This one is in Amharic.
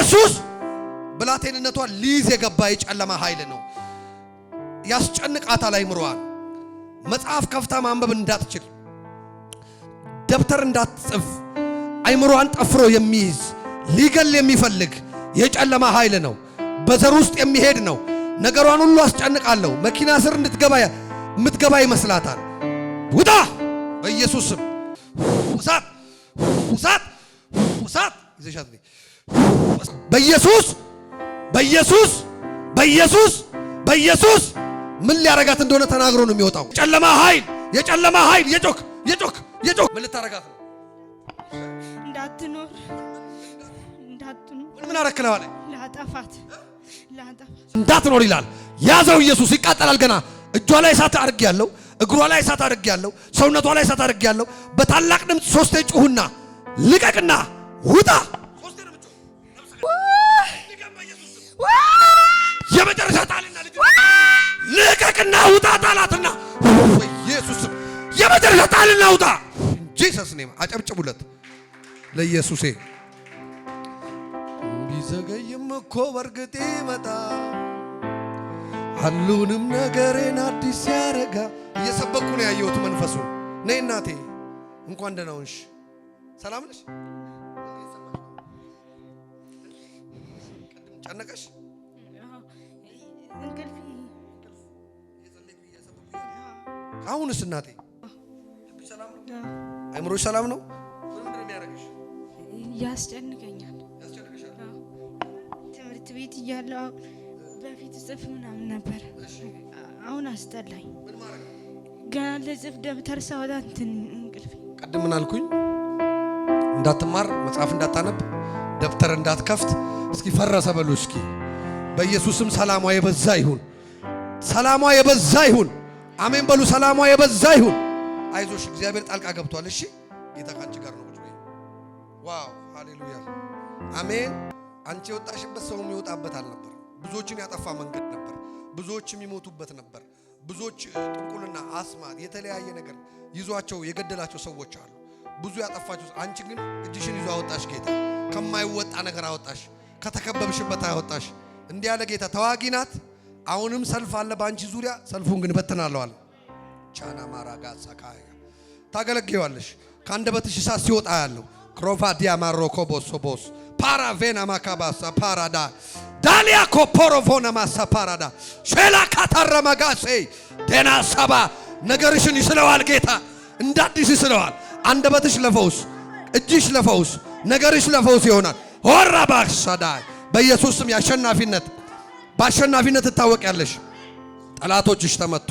ኢየሱስ ብላቴንነቷን ሊይዝ የገባ የጨለማ ኃይል ነው። ያስጨንቃታል አይምሮዋል። መጽሐፍ ከፍታ ማንበብ እንዳትችል፣ ደብተር እንዳትጽፍ፣ አይምሮዋን ጠፍሮ የሚይዝ ሊገል የሚፈልግ የጨለማ ኃይል ነው። በዘር ውስጥ የሚሄድ ነው። ነገሯን ሁሉ አስጨንቃለሁ። መኪና ስር እንድትገባ የምትገባ ይመስላታል። ውጣ! በኢየሱስ ስም ውሳት ውሳት ውሳት ይዘሻት በኢየሱስ በኢየሱስ በኢየሱስ በኢየሱስ ምን ሊያረጋት እንደሆነ ተናግሮ ነው የሚወጣው። ጨለማ ኃይል የጨለማ ኃይል የጮክ የጮክ የጮክ ምን ልታረጋት ነው? እንዳትኖር እንዳትኖር ምን አለ አረክለዋለ ላጠፋት እንዳትኖር ይላል። ያዘው ኢየሱስ ይቃጠላል። ገና እጇ ላይ እሳት አድርግ ያለው እግሯ ላይ እሳት አድርግ ያለው ሰውነቷ ላይ እሳት አድርግ ያለው በታላቅ ድምፅ ሶስቴ ጩሁና ልቀቅና ውጣ። የመጨረሻ ጣልና ልቀቅና ውጣ። ጣላትና ኢየሱስ የመጨረሻ ጣልና ውጣ። ጂሰስ ኔም አጨብጭቡለት ለኢየሱሴ። ቢዘገይም እኮ በርግጥ ይመጣ አሉንም ነገሬን አዲስ ያረጋ። እየሰበኩ ነው ያየሁት መንፈሱ። ነይ እናቴ፣ እንኳን ደህና ሆንሽ። ሰላም ነሽ? ጨነቀሽ? አሁንስ እናቴ አይምሮች ሰላም ነው? ያስጨንቀኛል። ትምህርት ቤት እያለሁ በፊት ጽፍ ምናምን ነበር። አሁን አስጠላኝ። ገና ለጽፍ ደብተር ሳወጣ እንትን እንቅልፍ ቅድም ምን አልኩኝ? እንዳትማር፣ መጽሐፍ እንዳታነብ፣ ደብተር እንዳትከፍት። እስኪ ፈረሰ በሉ እስኪ። በኢየሱስም ሰላሟ የበዛ ይሁን፣ ሰላሟ የበዛ ይሁን። አሜን በሉ። ሰላሟ የበዛ ይሁን። አይዞሽ፣ እግዚአብሔር ጣልቃ ገብቷል። እሺ፣ ጌታ ካንቺ ጋር ነው። ዋው ሃሌሉያ፣ አሜን። አንቺ የወጣሽበት ሰው የሚወጣበት አልነበር። ብዙዎችን ያጠፋ መንገድ ነበር። ብዙዎች የሚሞቱበት ነበር። ብዙዎች ጥንቁልና፣ አስማት፣ የተለያየ ነገር ይዟቸው የገደላቸው ሰዎች አሉ። ብዙ ያጠፋችሁ፣ አንቺ ግን እጅሽን ይዞ አወጣሽ። ጌታ ከማይወጣ ነገር አወጣሽ፣ ከተከበብሽበት አወጣሽ። እንዲህ ያለ ጌታ ተዋጊ ናት። አሁንም ሰልፍ አለ በአንቺ ዙሪያ። ሰልፉን ግን በትናለዋል። ቻና ማራጋ ሳካያ ታገለግዋለሽ። ከአንደበትሽ እሳት ሲወጣ ያለው ክሮፋ ዲያማሮ ኮቦሶ ቦስ ፓራ ቬና ማካባሳ ፓራዳ ዳሊያ ኮፖሮቮና ማሳ ፓራዳ ሼላ ካታረመጋሴ መጋሴ ዴና ሰባ ነገርሽን ይስለዋል ጌታ፣ እንዳዲስ ይስለዋል። አንደበትሽ ለፈውስ፣ እጅሽ ለፈውስ፣ ነገርሽ ለፈውስ ይሆናል። ሆራ ባክሻዳይ በኢየሱስ ስም የአሸናፊነት በአሸናፊነት ትታወቂያለሽ። ጠላቶችሽ ተመቱ።